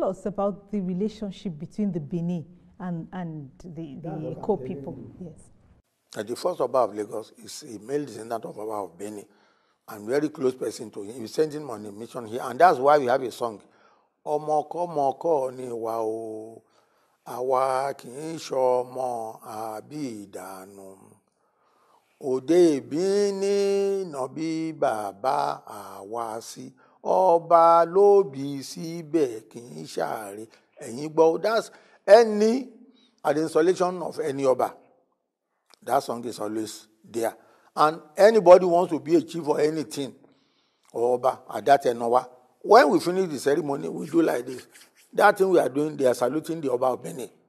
tell us about the relationship between the Benin and, and the, the Eko people. Yes. Uh, the first Oba of Lagos is a male descendant of Oba of Benin. I'm very close person to him. We send him on a mission here, and that's why we have a song. Ọmọkọ mọkọ ni wa o, àwa kì í ṣọmọ àbí ìdànù. Òde ìbí ní nàbí bàbá Si ọba lóbi síbẹ̀ kì í ṣàárẹ̀ ẹ̀yin gbọ́ that's any at the installation of any ọba that song is always there and anybody wants to be a chief or anything or ọba adatẹnuwa when we finish the ceremony we do like this that thing we are doing they are saluting the ọba of Benin